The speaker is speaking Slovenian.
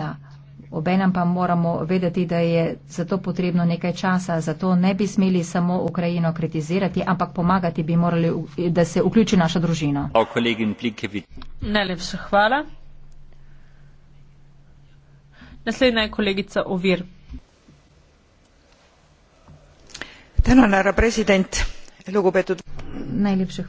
odvisna. Obenem pa moramo vedeti, da je za to potrebno nekaj časa, zato ne bi smeli samo Ukrajino kritizirati, ampak pomagati bi morali, da se vključi naša družina. Najlepša hvala. Naslednja je kolegica Ovir. Tenonara, president, lugupetud. Najlepša hvala.